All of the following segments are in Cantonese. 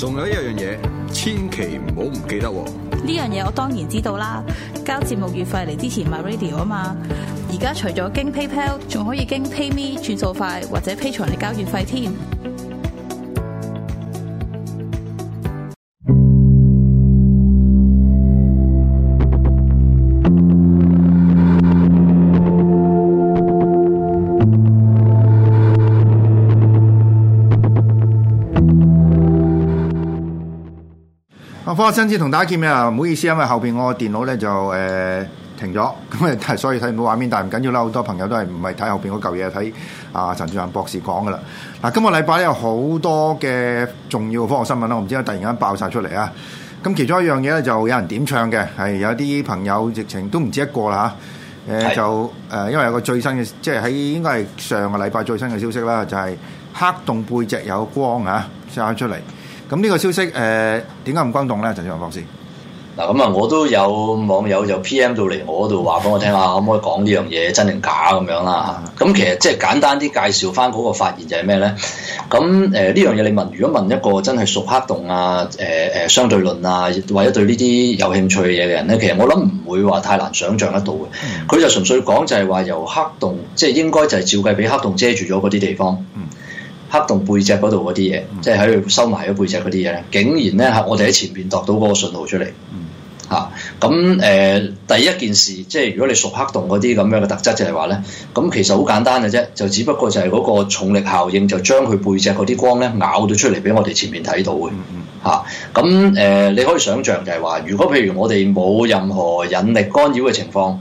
仲有一樣嘢，千祈唔好唔記得喎！呢樣嘢我當然知道啦，交節目月費嚟支持 MyRadio 啊嘛！而家除咗經 PayPal，仲可以經 PayMe 轉數快，或者 Patreon 嚟交月費添。我上次同大家見咩啊？唔好意思，因為後邊我個電腦咧就誒、呃、停咗，咁、嗯、啊，所以睇唔到畫面。但係唔緊要啦，好多朋友都係唔係睇後邊嗰嚿嘢，睇啊、呃、陳志宏博士講嘅啦。嗱、啊，今個禮拜咧有好多嘅重要嘅科學新聞啦，我唔知點解突然間爆晒出嚟啊！咁其中一樣嘢咧就有人點唱嘅，係有啲朋友直情都唔止一個啦嚇。誒就誒，因為有個最新嘅，即係喺應該係上個禮拜最新嘅消息啦，就係、是、黑洞背脊有光啊，晒出嚟。咁呢個消息誒點解咁轟動咧？就志宏方先。嗱咁啊，我都有網友就 PM 到嚟我嗰度話，俾我聽下可唔可以講呢樣嘢真定假咁樣啦。咁、嗯、其實即係簡單啲介紹翻嗰個發現就係咩咧？咁誒呢樣嘢你問，如果問一個真係熟黑洞啊、誒、呃、誒相對論啊，或者對呢啲有興趣嘅嘢嘅人咧，其實我諗唔會話太難想像得到嘅。佢、嗯、就純粹講就係話由黑洞，即、就、係、是、應該就係照計俾黑洞遮住咗嗰啲地方。嗯黑洞背脊嗰度嗰啲嘢，即係喺度收埋咗背脊嗰啲嘢咧，竟然咧，我哋喺前面度到嗰個信號出嚟，嚇、啊！咁誒、呃、第一件事，即係如果你熟黑洞嗰啲咁樣嘅特質就，就係話咧，咁其實好簡單嘅啫，就只不過就係嗰個重力效應就將佢背脊嗰啲光咧咬到出嚟俾我哋前面睇到嘅，嚇、啊！咁、啊、誒、呃、你可以想像就係話，如果譬如我哋冇任何引力干擾嘅情況，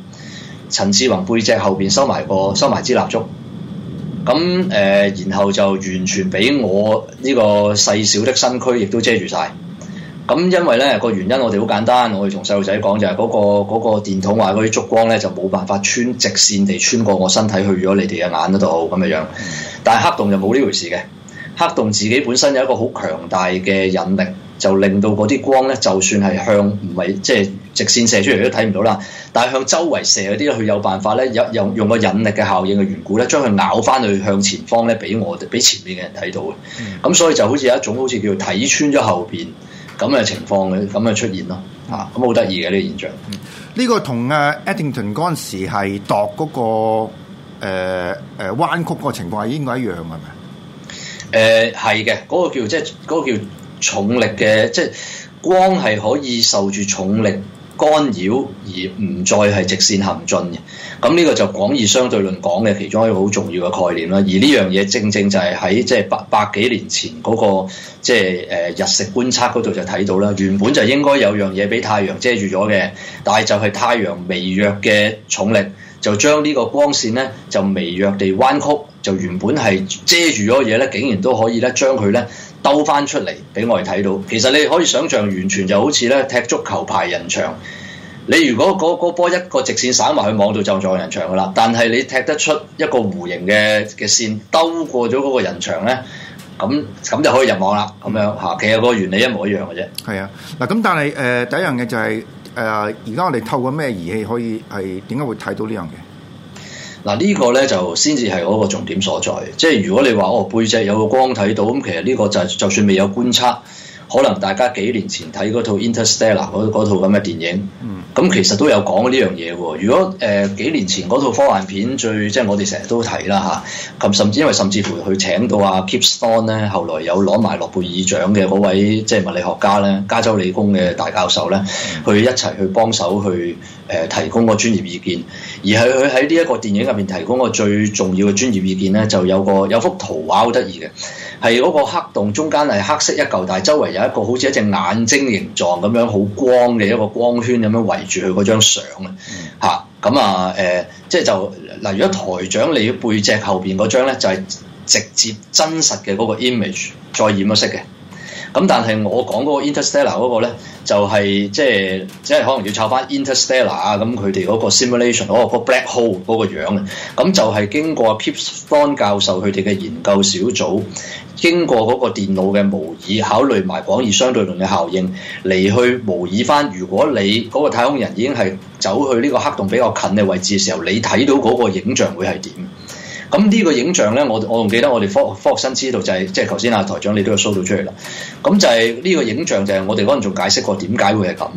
陳志宏背脊後邊收埋個收埋支蠟燭。咁誒，然後就完全俾我呢個細小，小的身軀亦都遮住晒。咁因為呢個原因，我哋好簡單，我哋同細路仔講就係嗰個嗰個電筒話嗰啲燭光呢，就冇辦法穿直線地穿過我身體去咗你哋嘅眼嗰度咁嘅樣。但係黑洞就冇呢回事嘅，黑洞自己本身有一個好強大嘅引力。就令到嗰啲光咧，就算係向唔係即係直線射出嚟都睇唔到啦。但係向周圍射嗰啲咧，佢有辦法咧，有又用，用個引力嘅效應嘅緣故咧，將佢咬翻去向前方咧，俾我哋，俾前面嘅人睇到嘅。咁、嗯、所以就好似有一種好似叫睇穿咗後邊咁嘅情況嘅，咁嘅出現咯。啊、嗯，咁好得意嘅呢個現象。呢、嗯這個同阿、啊、Eddington Ed 嗰陣時係度嗰個誒誒、呃呃、彎曲個情況應該一樣係咪？誒係嘅，嗰個叫即係嗰個叫。重力嘅即係光係可以受住重力干擾而唔再係直線行進嘅，咁、這、呢個就廣義相對論講嘅其中一個好重要嘅概念啦。而呢樣嘢正正就係喺即係一百幾年前嗰、那個即係誒日食觀察嗰度就睇到啦。原本就應該有樣嘢俾太陽遮住咗嘅，但係就係太陽微弱嘅重力就將呢個光線咧就微弱地彎曲。就原本係遮住咗嘢咧，竟然都可以咧將佢咧兜翻出嚟俾我哋睇到。其實你可以想象，完全就好似咧踢足球排人牆。你如果嗰嗰波一個直線散埋去網度就撞人牆噶啦。但係你踢得出一個弧形嘅嘅線，兜過咗嗰個人牆咧，咁咁就可以入網啦。咁樣嚇，其實個原理一模一樣嘅啫。係啊，嗱咁，但係誒第一樣嘅就係誒，而家我哋透過咩儀器可以係點解會睇到呢樣嘢？嗱呢個咧就先至係嗰個重點所在，即係如果你話哦背脊有個光睇到，咁其實呢個就係就算未有觀察，可能大家幾年前睇嗰套 Interstellar 嗰套咁嘅電影，咁、嗯、其實都有講呢樣嘢喎。如果誒、呃、幾年前嗰套科幻片最即係我哋成日都睇啦吓，咁、啊、甚至因為甚至乎去請到啊 Kip Stone 咧，後來有攞埋諾貝爾獎嘅嗰位即係物理學家咧，加州理工嘅大教授咧，去一齊去幫手去。誒、呃、提供個專業意見，而係佢喺呢一個電影入面提供個最重要嘅專業意見呢，就有個有幅圖畫好得意嘅，係嗰個黑洞中間係黑色一嚿，但係周圍有一個好似一隻眼睛形狀咁樣好光嘅一個光圈咁樣圍住佢，嗰張相、嗯、啊嚇，咁啊誒，即係就嗱，例如果台長你背脊後邊嗰張咧，就係、是、直接真實嘅嗰個 image 再染咗色嘅。咁但係我講嗰個 interstellar 嗰個咧，就係即係即係可能要抄翻 interstellar 啊，咁佢哋嗰個 simulation，嗰個 black hole 嗰個樣嘅，咁就係經過 Kip Thorne 教授佢哋嘅研究小組，經過嗰個電腦嘅模擬，考慮埋廣義相對論嘅效應，嚟去模擬翻如果你嗰個太空人已經係走去呢個黑洞比較近嘅位置嘅時候，你睇到嗰個影像會係點？咁呢個影像咧，我我仲記得我哋科科學新知度就係、是，即係頭先阿台長你都有 show 到出嚟啦。咁就係呢個影像就係我哋嗰陣仲解釋過點解會係咁。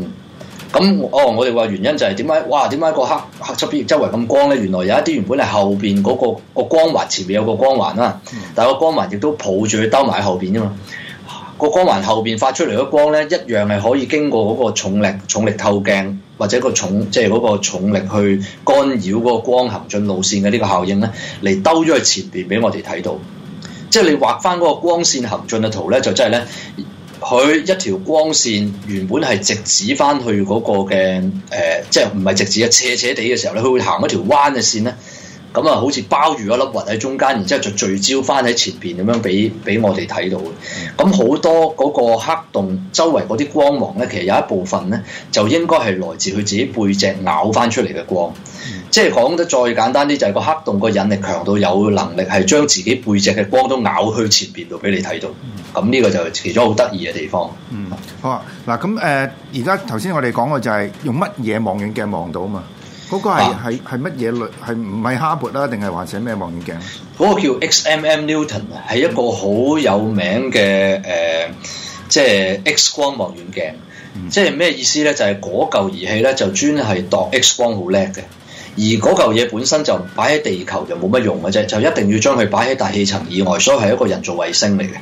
咁哦，我哋話原因就係點解？哇，點解個黑黑側邊周圍咁光咧？原來有一啲原本係後邊嗰、嗰個嗰個光環前面有個光環啦，但係個光環亦都抱住佢兜埋喺後邊啫嘛。嗰個光環後邊發出嚟嗰光咧，一樣係可以經過嗰個重力重力透鏡。或者個重即係嗰個重力去干擾嗰個光行進路線嘅呢個效應咧，嚟兜咗去前邊俾我哋睇到。即係你畫翻嗰個光線行進嘅圖咧，就真係咧，佢一條光線原本係直指翻去嗰個嘅誒，即係唔係直指啊，斜斜地嘅時候咧，佢會行一條彎嘅線咧。咁啊、嗯，好似包住一粒核喺中間，然之後就聚焦翻喺前邊咁樣俾俾我哋睇到嘅。咁、嗯、好多嗰個黑洞周圍嗰啲光芒呢，其實有一部分呢，就應該係來自佢自己背脊咬翻出嚟嘅光。嗯、即係講得再簡單啲，就係、是、個黑洞個引力強到有能力係將自己背脊嘅光都咬去前邊度俾你睇到。咁呢、嗯、個就其中好得意嘅地方。嗯，好啊。嗱，咁、呃、誒，而家頭先我哋講嘅就係用乜嘢望遠鏡望到啊嘛？嗰個係係乜嘢類？係唔係哈勃啦？定係或者咩望遠鏡？嗰個叫 XMM Newton 啊，係一個好有名嘅誒、呃，即係 X 光望遠鏡。嗯、即係咩意思咧？就係嗰嚿儀器咧，就專係度 X 光好叻嘅。而嗰嚿嘢本身就擺喺地球就冇乜用嘅啫，就一定要將佢擺喺大氣層以外，所以係一個人造衛星嚟嘅。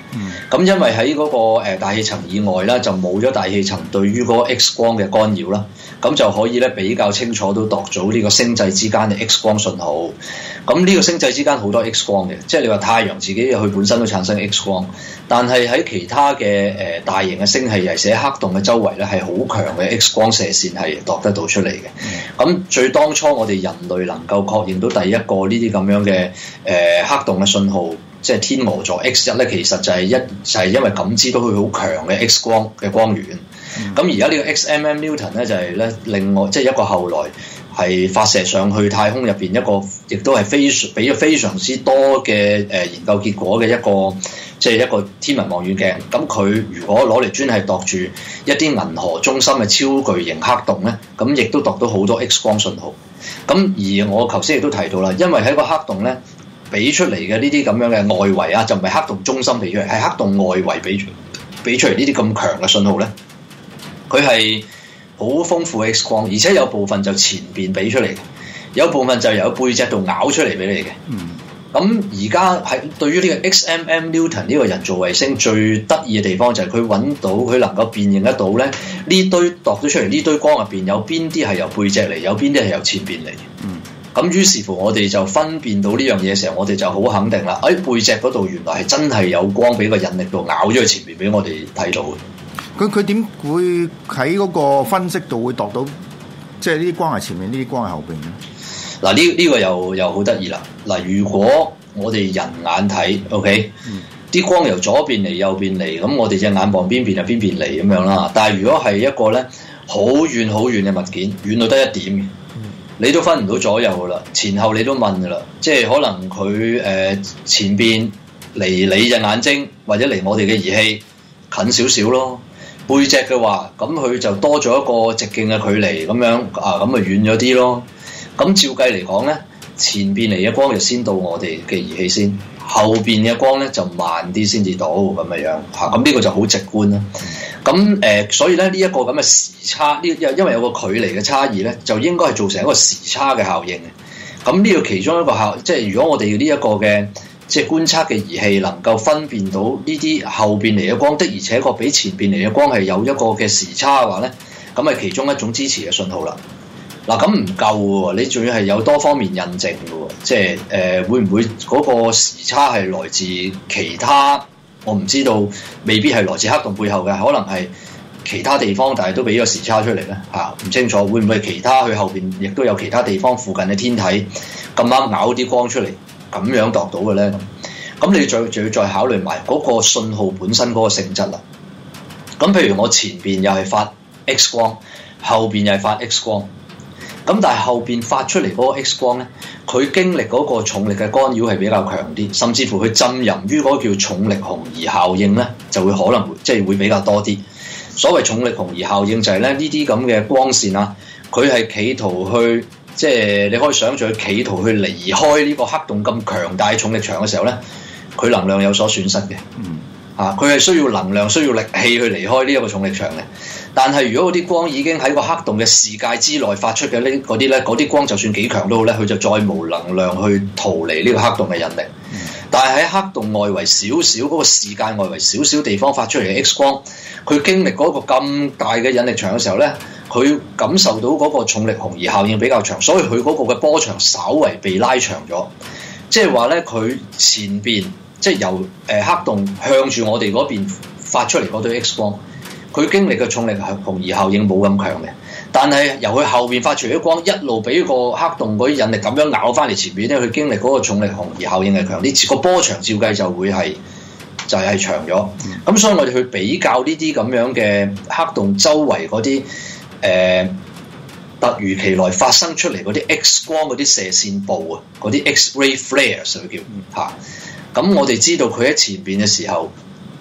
咁因為喺個誒大氣層以外咧，就冇咗大氣層對於個 X 光嘅干擾啦，咁就可以咧比較清楚都度到呢個星際之間嘅 X 光信號，咁呢個星際之間好多 X 光嘅，即係你話太陽自己佢本身都產生 X 光，但係喺其他嘅誒大型嘅星系，尤其係喺黑洞嘅周圍咧，係好強嘅 X 光射綫係度得到出嚟嘅。咁最當初我哋人類能夠確認到第一個呢啲咁樣嘅誒、呃、黑洞嘅信號，即係天鵝座 X 一咧，其實就係一就係、是、因為感知到佢好強嘅 X 光嘅光源。咁、嗯、而家呢個 XMM t 牛頓咧就係咧另外即係一個後來。係發射上去太空入邊一個，亦都係非常俾咗非常之多嘅誒、呃、研究結果嘅一個，即、就、係、是、一個天文望遠鏡。咁、嗯、佢如果攞嚟專係度住一啲銀河中心嘅超巨型黑洞咧，咁、嗯、亦都度到好多 X 光信號。咁、嗯、而我頭先亦都提到啦，因為喺個黑洞咧俾出嚟嘅呢啲咁樣嘅外圍啊，就唔係黑洞中心俾出嚟，係黑洞外圍俾俾出嚟呢啲咁強嘅信號咧，佢係。好豐富 X 光，而且有部分就前邊俾出嚟，有部分就由背脊度咬出嚟俾你嘅。嗯，咁而家係對於呢個 XMM Newton 呢個人造衛星最得意嘅地方就係佢揾到，佢能夠辨認得到咧，呢堆度咗出嚟呢堆光入邊有邊啲係由背脊嚟，有邊啲係由前邊嚟。嗯，咁於是乎我哋就分辨到呢樣嘢嘅時候，我哋就好肯定啦。喺背脊嗰度原來係真係有光俾個引力度咬咗去前面俾我哋睇到。佢佢點會喺嗰個分析度會度到，即係呢啲光係前面，面呢啲光係後邊嘅？嗱呢呢個又又好得意啦！嗱，如果我哋人眼睇，OK，啲、嗯、光由左邊嚟，右邊嚟，咁我哋隻眼傍邊邊就邊邊嚟咁樣啦。但係如果係一個咧好遠好遠嘅物件，遠到得一點嘅，嗯、你都分唔到左右噶啦，前後你都問噶啦，即係可能佢誒、呃、前邊離你隻眼睛，或者離我哋嘅儀器近少少咯。背脊嘅話，咁佢就多咗一個直徑嘅距離，咁樣啊，咁咪遠咗啲咯。咁照計嚟講呢，前邊嚟嘅光就先到我哋嘅儀器先，後邊嘅光呢就慢啲先至到咁嘅樣。嚇，咁呢個就好直觀啦。咁誒、呃，所以呢，呢、這、一個咁嘅時差，呢因因為有個距離嘅差異呢，就應該係造成一個時差嘅效應嘅。咁呢個其中一個效，即係如果我哋要呢一個嘅。即係觀察嘅儀器能夠分辨到呢啲後邊嚟嘅光，的而且確比前邊嚟嘅光係有一個嘅時差嘅話咧，咁係其中一種支持嘅信號啦。嗱、啊，咁唔夠喎，你仲要係有多方面印證嘅喎。即係誒、呃，會唔會嗰個時差係來自其他？我唔知道，未必係來自黑洞背後嘅，可能係其他地方，但係都俾個時差出嚟咧嚇，唔、啊、清楚會唔會其他去後邊亦都有其他地方附近嘅天體咁啱咬啲光出嚟？咁樣度到嘅咧，咁咁你再仲要再考慮埋嗰個信號本身嗰個性質啦。咁譬如我前邊又係發 X 光，後邊又係發 X 光，咁但係後邊發出嚟嗰個 X 光咧，佢經歷嗰個重力嘅干擾係比較強啲，甚至乎佢浸淫於嗰個叫重力紅移效應咧，就會可能會即係、就是、會比較多啲。所謂重力紅移效應就係咧呢啲咁嘅光線啊，佢係企圖去。即係你可以想象去企圖去離開呢個黑洞咁強大重力場嘅時候呢，佢能量有所損失嘅。嗯。啊，佢係需要能量、需要力氣去離開呢一個重力場嘅。但係如果嗰啲光已經喺個黑洞嘅視界之內發出嘅呢嗰啲呢，嗰啲光就算幾強都好呢，佢就再冇能量去逃離呢個黑洞嘅引力。但係喺黑洞外圍少少嗰個視界外圍少少地方發出嚟嘅 X 光，佢經歷嗰個咁大嘅引力場嘅時候呢。佢感受到嗰個重力紅移效應比較長，所以佢嗰個嘅波長稍為被拉長咗。即係話呢，佢前邊即係由誒黑洞向住我哋嗰邊發出嚟嗰堆 X 光，佢經歷嘅重力紅移效應冇咁強嘅。但係由佢後面發出嘅光，一路俾個黑洞嗰啲引力咁樣咬翻嚟前面，呢佢經歷嗰個重力紅移效應係強啲。個波長照計就會係就係、係、係長咗。咁所以我哋去比較呢啲咁樣嘅黑洞周圍嗰啲。誒、啊，突如其來發生出嚟嗰啲 X 光嗰啲射線暴啊，嗰啲 X-ray flares 佢叫嚇。咁我哋知道佢喺前邊嘅時候，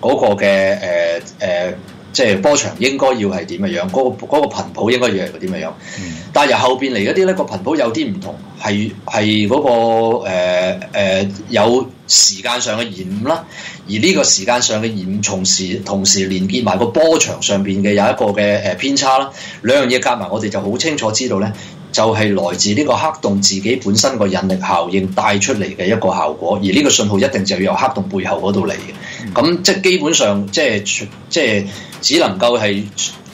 嗰、嗰個嘅誒誒。啊啊即係波長應該要係點嘅樣，嗰個嗰個頻譜應該要係點嘅樣。但係由後邊嚟一啲咧，個頻譜有啲唔同，係係嗰個誒誒有時間上嘅延誤啦。而呢個時間上嘅延誤，同時同時連接埋個波長上邊嘅有一個嘅誒偏差啦。兩樣嘢夾埋，我哋就好清楚知道咧，就係來自呢個黑洞自己本身個引力效應帶出嚟嘅一個效果。而呢個信號一定就要由黑洞背後嗰度嚟嘅。咁即係基本上，即係即係。即即只能夠係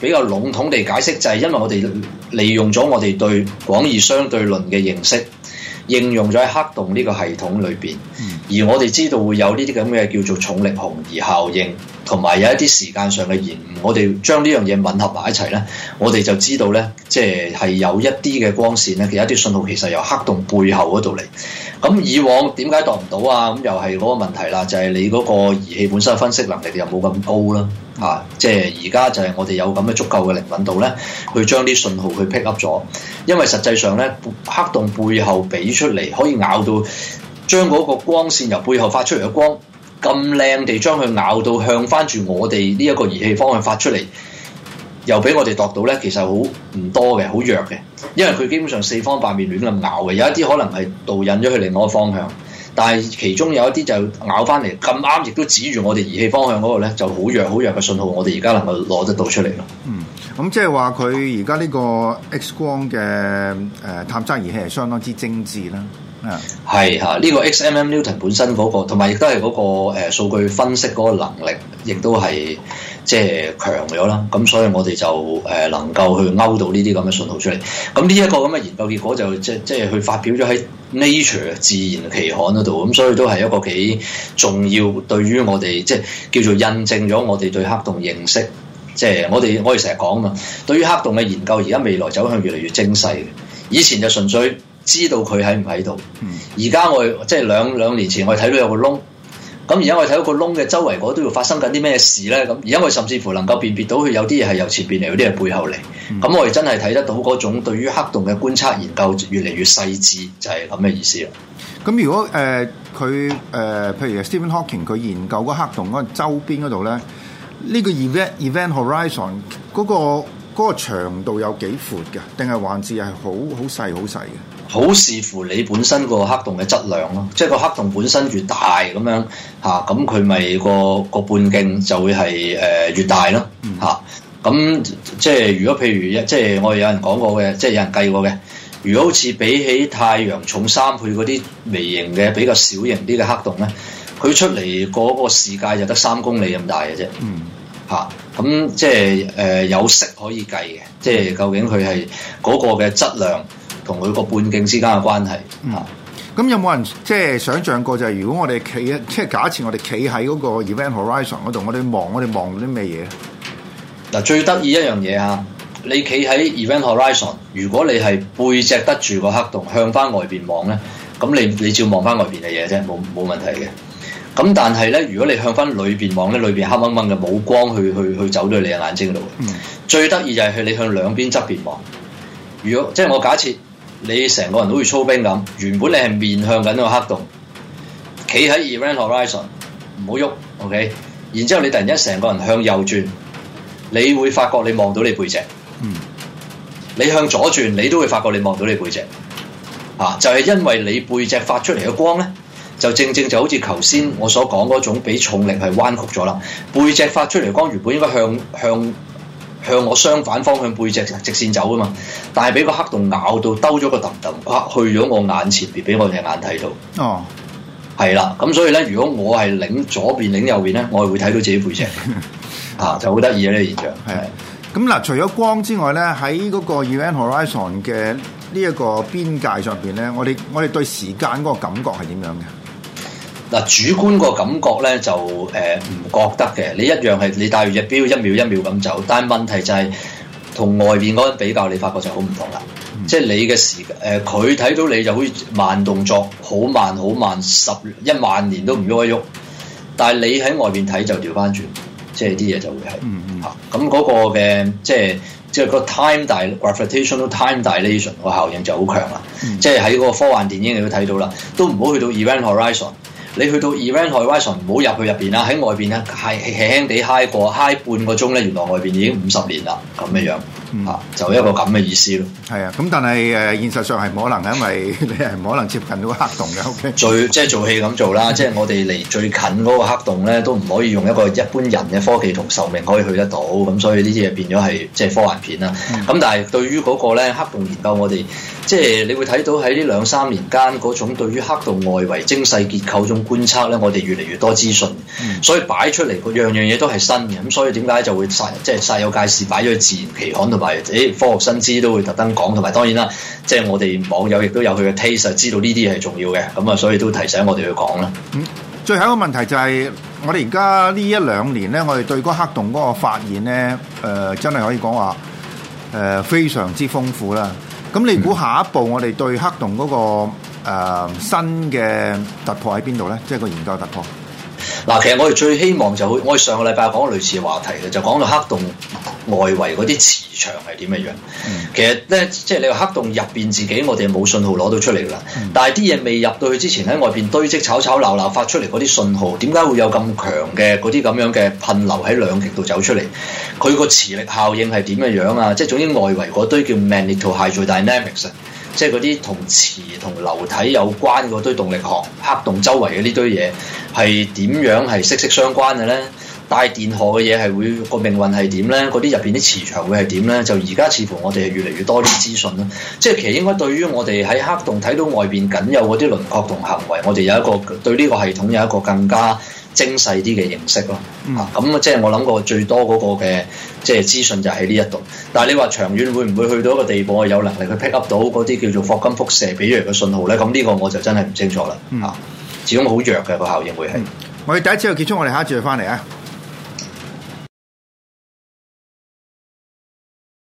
比較籠統地解釋，就係因為我哋利用咗我哋對廣義相對論嘅認識，應用咗喺黑洞呢個系統裏邊。而我哋知道會有呢啲咁嘅叫做重力紅移效應，同埋有一啲時間上嘅延誤。我哋將呢樣嘢混合埋一齊呢，我哋就知道呢，即係有一啲嘅光線呢，其實一啲信號其實由黑洞背後嗰度嚟。咁以往點解度唔到啊？咁又係嗰個問題啦，就係你嗰個儀器本身分析能力又冇咁高啦，嚇、啊！即係而家就係我哋有咁嘅足夠嘅靈敏度咧，去將啲信號去 pick up 咗。因為實際上咧，黑洞背後俾出嚟可以咬到，將嗰個光線由背後發出嚟嘅光咁靚地將佢咬到向翻住我哋呢一個儀器方向發出嚟。又俾我哋度到咧，其實好唔多嘅，好弱嘅，因為佢基本上四方八面亂咁咬嘅，有一啲可能係導引咗佢另外個方向，但係其中有一啲就咬翻嚟咁啱，亦都指住我哋儀器方向嗰個咧，就好弱好弱嘅信號，我哋而家能夠攞得到出嚟咯。嗯，咁即係話佢而家呢個 X 光嘅誒、呃、探測儀器係相當之精緻啦。嗯、啊，係啊，呢個 XMM Newton 本身嗰、那個，同埋亦都係嗰個誒、呃、數據分析嗰個能力。亦都係即係強咗啦，咁、嗯、所以我哋就誒能夠去勾到呢啲咁嘅信號出嚟。咁呢一個咁嘅研究結果就即即係去發表咗喺 Nature 自然期刊嗰度，咁、嗯、所以都係一個幾重要，對於我哋即係叫做印證咗我哋對黑洞認識。即係我哋我哋成日講嘛，對於黑洞嘅研究，而家未來走向越嚟越精細嘅。以前就純粹知道佢喺唔喺度，而家我即係兩兩年前我哋睇到有個窿。咁而家我哋睇到個窿嘅周圍嗰度要發生緊啲咩事咧？咁而家我哋甚至乎能夠辨別到佢有啲嘢係由前邊嚟，有啲係背後嚟。咁、嗯、我哋真係睇得到嗰種對於黑洞嘅觀察研究越嚟越細緻，就係咁嘅意思啦。咁、嗯、如果誒佢誒，譬如 Stephen Hawking 佢研究嗰黑洞嗰周邊嗰度咧，呢、呢個 event event horizon 嗰、嗰個嗰、嗰個、長度有幾闊嘅？定係還是係好好細好細嘅？好視乎你本身個黑洞嘅質量咯，即係個黑洞本身越大咁樣嚇，咁佢咪個個半徑就會係誒、呃、越大咯嚇。咁、啊、即係如果譬如一，即係我哋有人講過嘅，即係有人計過嘅，如果好似比起太陽重三倍嗰啲微型嘅比較小型啲嘅黑洞咧，佢出嚟嗰個視界就得三公里咁大嘅啫。嚇、啊，咁即係誒、呃、有式可以計嘅，即係究竟佢係嗰個嘅質量，同佢個半徑之間嘅關係啊！咁、嗯、有冇人即係、就是、想像過就係、是、如果我哋企，即、就、係、是、假設我哋企喺嗰個 Event Horizon 嗰度，我哋望，我哋望到啲咩嘢？嗱，最得意一樣嘢啊！你企喺 Event Horizon，如果你係背脊得住個黑洞，向翻外邊望咧，咁你你照望翻外邊嘅嘢啫，冇冇問題嘅。咁但係咧，如果你向翻裏邊望咧，裏邊黑掹掹嘅，冇光去去去走咗去你嘅眼睛度。嗯、最得意就係你向兩邊側邊望。如果即係我假設。你成個人都好似操兵咁，原本你係面向緊個黑洞，企喺 Event Horizon，唔好喐，OK。然之後你突然間成個人向右轉，你會發覺你望到你背脊。嗯。你向左轉，你都會發覺你望到你背脊。嚇、啊，就係、是、因為你背脊發出嚟嘅光咧，就正正就好似頭先我所講嗰種俾重力係彎曲咗啦。背脊發出嚟光原本應該向向，向向我相反方向背脊直線走㗎嘛，但係俾個黑洞咬到兜咗個氹氹，哇！去咗我眼前邊，俾我隻眼睇到。哦，係啦，咁所以咧，如果我係擰左邊擰右邊咧，我係會睇到自己背脊， 啊，就好得意嘅呢個現象。係咁嗱，除咗光之外咧，喺嗰個 event horizon 嘅呢一個邊界上邊咧，我哋我哋對時間嗰個感覺係點樣嘅？嗱，主觀個感覺咧就誒唔、呃、覺得嘅，你一樣係你戴住隻錶一秒一秒咁走，但係問題就係、是、同外邊嗰個比較，你發覺就好唔同啦。嗯、即係你嘅時誒，佢、呃、睇到你就好似慢動作，好慢好慢，十一萬年都唔喐一喐。但係你喺外邊睇就調翻轉，即係啲嘢就會係嚇。咁嗰、嗯嗯、個嘅即係即係個 time gravitational dil time dilation 個效應就好強啦。嗯、即係喺個科幻電影你都睇到啦，都唔好去到 event horizon。你去到 Event Horizon 唔好入去入邊啦，喺外邊咧，輕輕輕地嗨過，嗨半個鐘咧，原來外邊已經五十年啦，咁嘅樣。啊，就一個咁嘅意思咯。係啊，咁但係誒，現實上係冇可能，因為你係唔可能接近到黑洞嘅。O.K. 最即係做戲咁做啦，即係 我哋離最近嗰個黑洞咧，都唔可以用一個一般人嘅科技同壽命可以去得到。咁所以呢啲嘢變咗係即係科幻片啦。咁 但係對於嗰個咧，黑洞研究我，我哋即係你會睇到喺呢兩三年間，嗰種對於黑洞外圍精細結構種觀察咧，我哋越嚟越多資訊。 所以擺出嚟個樣樣嘢都係新嘅。咁所以點解就會曬即係曬有界線擺咗去自然期刊度。誒，科學新知都會特登講，同埋當然啦，即係我哋網友亦都有佢嘅 taste，知道呢啲係重要嘅，咁、嗯、啊，所以都提醒我哋去講啦。嗯，最後一個問題就係、是，我哋而家呢一兩年咧，我哋對嗰黑洞嗰個發現咧，誒、呃，真係可以講話，誒、呃，非常之豐富啦。咁你估下一步我哋對黑洞嗰、那個誒、呃、新嘅突破喺邊度咧？即、就、係、是、個研究突破？嗱，其實我哋最希望就我哋上個禮拜講類似話題嘅，就講到黑洞外圍嗰啲磁場係點嘅樣。嗯、其實咧，即係你話黑洞入邊自己，我哋冇信號攞到出嚟㗎。嗯、但係啲嘢未入到去之前，喺外邊堆積炒炒鬧鬧發出嚟嗰啲信號，點解會有咁強嘅嗰啲咁樣嘅噴流喺兩極度走出嚟？佢個磁力效應係點嘅樣啊？即係總之，外圍嗰堆叫 magnetohydrodynamics。即係嗰啲同磁同流體有關嗰堆動力學，黑洞周圍嘅呢堆嘢係點樣係息息相關嘅呢？帶電荷嘅嘢係會個命運係點呢？嗰啲入邊啲磁場會係點呢？就而家似乎我哋係越嚟越多啲資訊啦。即係其實應該對於我哋喺黑洞睇到外邊僅有嗰啲輪廓同行為，我哋有一個對呢個系統有一個更加。精細啲嘅形式咯，啊咁、嗯嗯、即係我諗過最多嗰個嘅即係資訊就喺呢一度。但係你話長遠會唔會去到一個地步，有能力去 pick up 到嗰啲叫做霍金輻射俾咗嚟嘅信號咧？咁、這、呢個我就真係唔清楚啦。啊、嗯，始終好弱嘅、這個效應會係、嗯。我哋第一次就結束，我哋下一次就翻嚟啊！